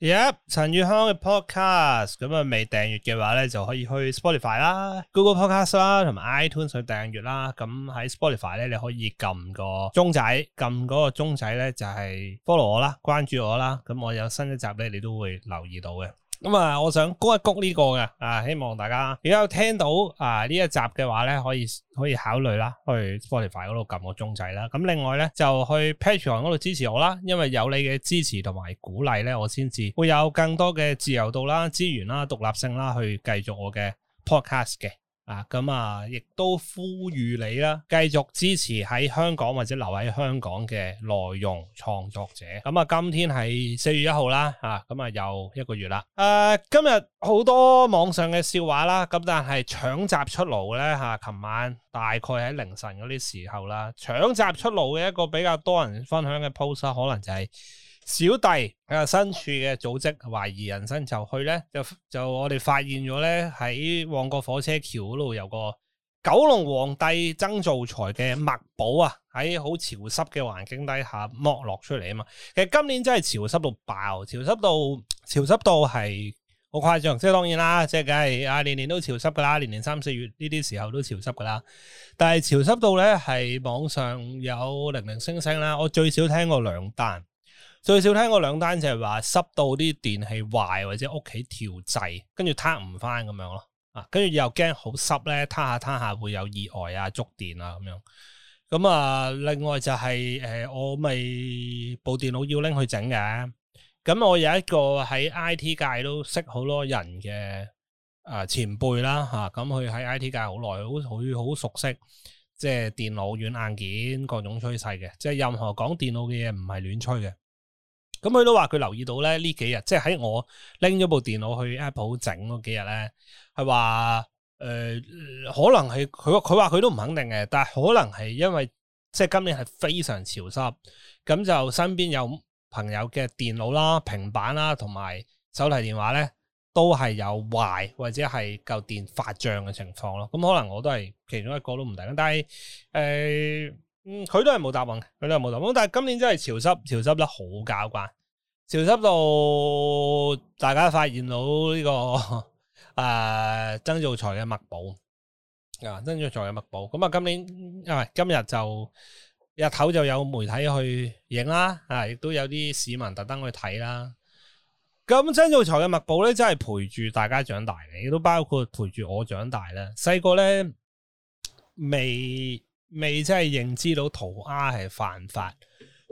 Yep! 陳宇康嘅 podcast，咁未訂閱嘅話咧，就可以去 Spotify 啦、Google Podcast 啦，同埋 iTunes 去訂閱啦。咁喺 Spotify 咧，你可以撳個鐘仔，撳嗰個鐘仔咧就係 follow 我啦，關注我啦。咁我有新一集咧，你都會留意到嘅。咁啊、嗯，我想谷一谷呢個嘅，啊希望大家如果有聽到啊呢一集嘅話咧，可以可以考慮啦，去 Spotify 嗰度撳個鐘仔啦。咁、嗯、另外咧就去 Patreon 嗰度支持我啦，因為有你嘅支持同埋鼓勵咧，我先至會有更多嘅自由度啦、資源啦、獨立性啦，去繼續我嘅 Podcast 嘅。啊咁啊，亦都呼籲你啦，繼續支持喺香港或者留喺香港嘅內容創作者。咁啊，今天係四月一號啦，啊咁啊，又一個月啦。誒、啊，今日好多網上嘅笑話啦，咁但係搶閘出爐咧嚇，琴、啊、晚大概喺凌晨嗰啲時候啦，搶閘出爐嘅一個比較多人分享嘅 post 可能就係、是。小弟啊，身處嘅組織懷疑人生就去咧，就就我哋發現咗咧，喺旺角火車橋嗰度有個九龍皇帝曾灶財嘅墨寶啊，喺好潮濕嘅環境底下剝落出嚟，啊嘛。其實今年真係潮濕到爆，潮濕到潮濕到係好誇張。即係當然啦，即係梗係啊，年年都潮濕噶啦，年年三四月呢啲時候都潮濕噶啦。但係潮濕到咧係網上有零零星星啦，我最少聽過兩單。最少聽過兩單就係話濕到啲電器壞或者屋企調制，跟住攤唔翻咁樣咯。啊，跟住又驚好濕咧，攤下攤下會有意外啊，觸電啊咁樣。咁啊，另外就係、是、誒、呃，我咪部電腦要拎去整嘅。咁我有一個喺 I T 界都識好多人嘅啊前輩啦吓，咁佢喺 I T 界好耐，好佢好熟悉即係電腦軟硬件各種趨勢嘅，即係任何講電腦嘅嘢唔係亂吹嘅。咁佢都話佢留意到咧，呢幾日，即係喺我拎咗部電腦去 Apple 整嗰幾日咧，係話誒，可能係佢，佢話佢都唔肯定嘅，但係可能係因為即係今年係非常潮濕，咁就身邊有朋友嘅電腦啦、平板啦同埋手提電話咧，都係有壞或者係舊電發脹嘅情況咯。咁可能我都係其中一個都唔定，但係誒。呃嗯，佢都係冇答案，佢都係冇答案。但係今年真係潮濕，潮濕得好搞慣，潮濕到大家發現到呢、這個誒曾灶財嘅墨寶啊，曾灶財嘅墨寶。咁、嗯、啊，今年因為今日就日頭就有媒體去影啦，啊，亦都有啲市民特登去睇啦。咁曾灶財嘅墨寶咧，真係陪住大家長大嘅，亦都包括陪住我長大咧。細個咧未。未真係認知到塗鴉係犯法，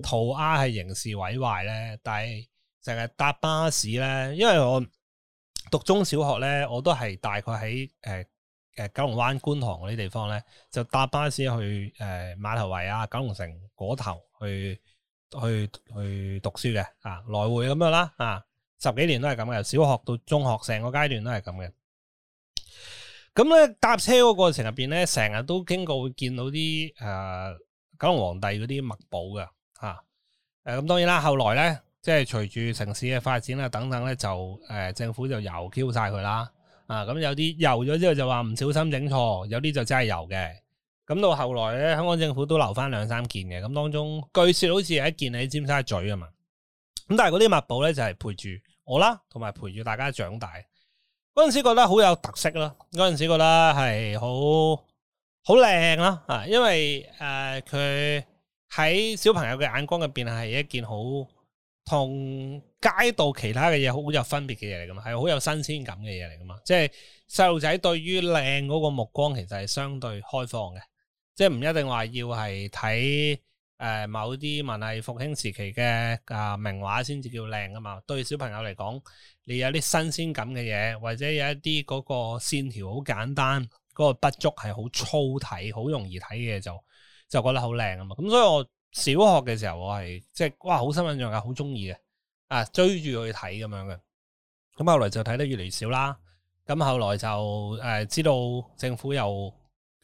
塗鴉係刑事毀壞咧。但係成日搭巴士咧，因為我讀中小學咧，我都係大概喺誒誒九龍灣觀塘嗰啲地方咧，就搭巴士去誒馬、呃、頭圍啊、九龍城嗰頭去去去讀書嘅啊，來回咁樣啦啊，十幾年都係咁嘅，由小學到中學成個階段都係咁嘅。咁咧搭車嗰過程入邊咧，成日都經過會見到啲誒、呃、九龍皇帝嗰啲墨寶噶吓，誒、啊、咁、啊、當然啦，後來咧即係隨住城市嘅發展啦等等咧，就誒、啊、政府就游 Q 晒佢啦，啊咁、啊嗯、有啲游咗之後就話唔小心整錯，有啲就真係游嘅，咁、嗯、到後來咧，香港政府都留翻兩三件嘅，咁、嗯、當中據說好似係一件喺尖沙咀啊嘛，咁、嗯、但係嗰啲墨寶咧就係、是、陪住我啦，同埋陪住大家長大。嗰陣時覺得好有特色啦，嗰陣時覺得係好好靚啦，啊，因為誒佢喺小朋友嘅眼光入邊係一件好同街道其他嘅嘢，好有分別嘅嘢嚟噶嘛，係好有新鮮感嘅嘢嚟噶嘛，即係細路仔對於靚嗰個目光其實係相對開放嘅，即係唔一定話要係睇。誒、呃，某啲文藝復興時期嘅誒、啊、名畫先至叫靚噶嘛。對小朋友嚟講，你有啲新鮮感嘅嘢，或者有一啲嗰個線條好簡單，嗰、那個筆觸係好粗體，好容易睇嘅就就覺得好靚啊嘛！咁所以我小學嘅時候我，我係即係哇，好深印象啊，好中意嘅啊，追住去睇咁樣嘅。咁後來就睇得越嚟越少啦。咁後來就誒、呃、知道政府又誒、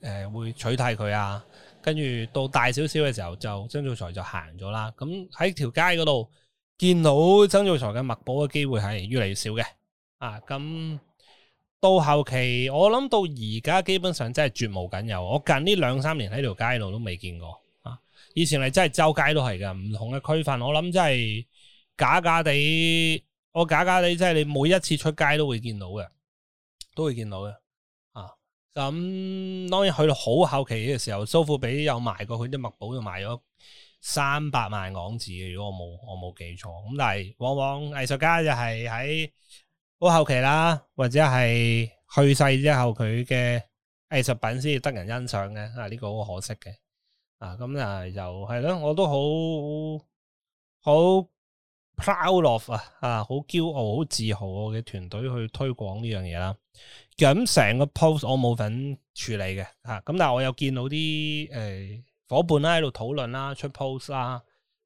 呃、會取締佢啊。跟住到大少少嘅時候，就曾灶財就行咗啦。咁喺條街嗰度見到曾灶財嘅墨寶嘅機會係越嚟越少嘅。啊，咁、嗯、到後期我諗到而家基本上真係絕無僅有。我近呢兩三年喺條街度都未見過啊。以前係真係周街都係嘅，唔同嘅區分。我諗真係假假地，我假假地即係你每一次出街都會見到嘅，都會見到嘅。咁、嗯、當然去到好後期嘅時候，蘇富比有賣過佢啲墨寶，就賣咗三百萬港紙嘅。如果我冇我冇記錯，咁但係往往藝術家就係喺好後期啦，或者係去世之後佢嘅藝術品先至得人欣賞嘅。啊，呢、這個好可惜嘅。啊、咁、嗯、啊又係咯，我都好好 proud of 啊，啊好驕傲、好自豪我嘅團隊去推廣呢樣嘢啦。咁成個 post 我冇份處理嘅吓，咁但係我有見到啲誒、呃、夥伴啦，喺度討論啦，出 post 啦，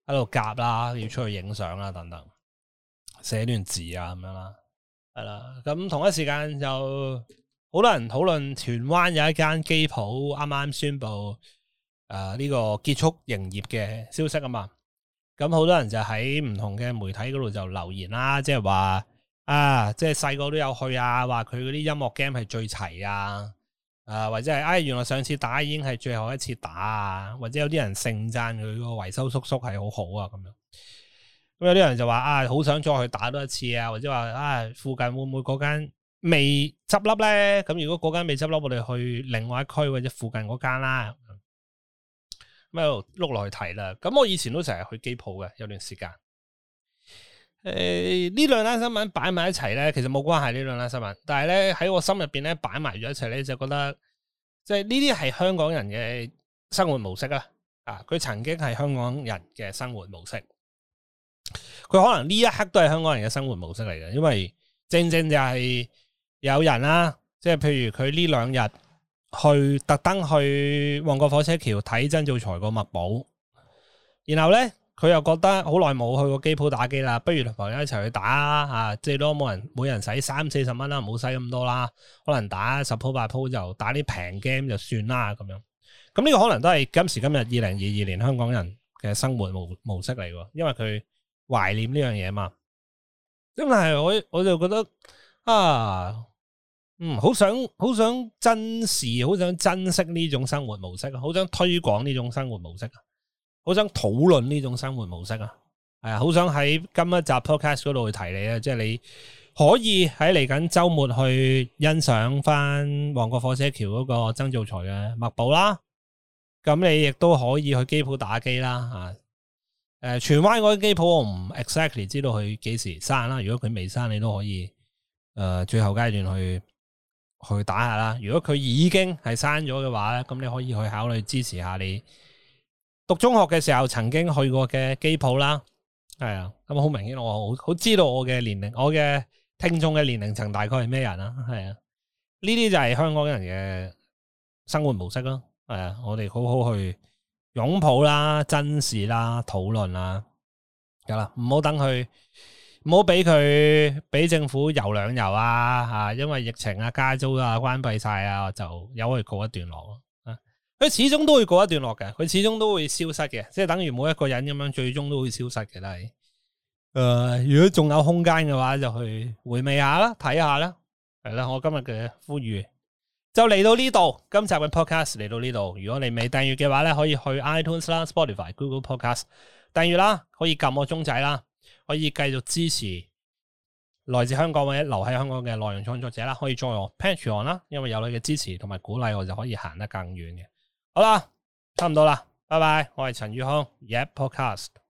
喺度夾啦，要出去影相啦，等等，寫段字啊咁樣啦，係啦，咁同一時間就好多人討論，荃灣有一間機鋪啱啱宣布誒呢、呃這個結束營業嘅消息啊嘛，咁好多人就喺唔同嘅媒體嗰度就留言啦，即係話。啊，即係細個都有去啊，話佢嗰啲音樂 game 係最齊啊，誒、啊，或者係，唉、哎，原來上次打已經係最後一次打啊，或者有啲人盛讚佢個維修叔叔係好好啊，咁樣，咁有啲人就話啊，好想再去打多一次啊，或者話，啊，附近會唔會嗰間未執笠咧？咁如果嗰間未執笠，我哋去另外一區或者附近嗰間啦，咁喺度碌落去睇啦。咁我以前都成日去機鋪嘅，有段時間。誒，呢、呃、兩單新聞擺埋一齊咧，其實冇關係呢兩單新聞，但係咧喺我心入邊咧擺埋咗一齊咧，就覺得即係呢啲係香港人嘅生活模式啦。啊，佢曾經係香港人嘅生活模式，佢可能呢一刻都係香港人嘅生活模式嚟嘅，因為正正就係有人啦，即係譬如佢呢兩日去特登去旺角火車橋睇曾灶財個墨寶，然後咧。佢又覺得好耐冇去過機鋪打機啦，不如同朋友一齊去打啊！即係都冇人，每人使三四十蚊啦，唔好使咁多啦。可能打十鋪八鋪就打啲平 game 就算啦咁樣。咁呢個可能都係今時今日二零二二年香港人嘅生活模模式嚟喎，因為佢懷念呢樣嘢嘛。咁但係我我就覺得啊，嗯，好想好想珍視，好想珍惜呢種生活模式，好想推廣呢種生活模式！好想討論呢種生活模式啊，係啊，好想喺今一集 podcast 嗰度去提你啊，即係你可以喺嚟緊周末去欣賞翻旺角火車橋嗰個曾灶財嘅墨寶啦。咁你亦都可以去機鋪打機啦，吓、啊，誒，荃灣嗰啲機鋪我唔 exactly 知道佢幾時閂啦。如果佢未閂，你都可以誒、呃、最後階段去去打下啦。如果佢已經係閂咗嘅話咧，咁你可以去考慮支持下你讀中學嘅時候曾經去過嘅機鋪啦，係啊，咁好明顯我好，好知道我嘅年齡，我嘅聽眾嘅年齡層大概係咩人啊？係啊，呢啲就係香港人嘅生活模式咯。係啊，我哋好好去擁抱啦、珍視啦、討論啦，得啦，唔好等佢，唔好俾佢俾政府游兩游啊！吓、啊，因為疫情啊、加租啊關閉晒啊，就又可以告一段落咯、啊。佢始終都會過一段落嘅，佢始終都會消失嘅，即係等於每一個人咁樣最終都會消失嘅。但係，誒、呃，如果仲有空間嘅話，就去回味下啦，睇下啦，係啦。我今日嘅呼籲就嚟到呢度，今集嘅 podcast 嚟到呢度。如果你未訂閱嘅話咧，可以去 iTunes 啦、Spotify、Google Podcast 訂閱啦，可以撳我鐘仔啦，可以繼續支持來自香港或者留喺香港嘅內容創作者啦，可以 join 我 Patreon 啦，因為有你嘅支持同埋鼓勵，我就可以行得更遠嘅。好啦，差唔多啦，拜拜！我係陳宇康，Yap Podcast。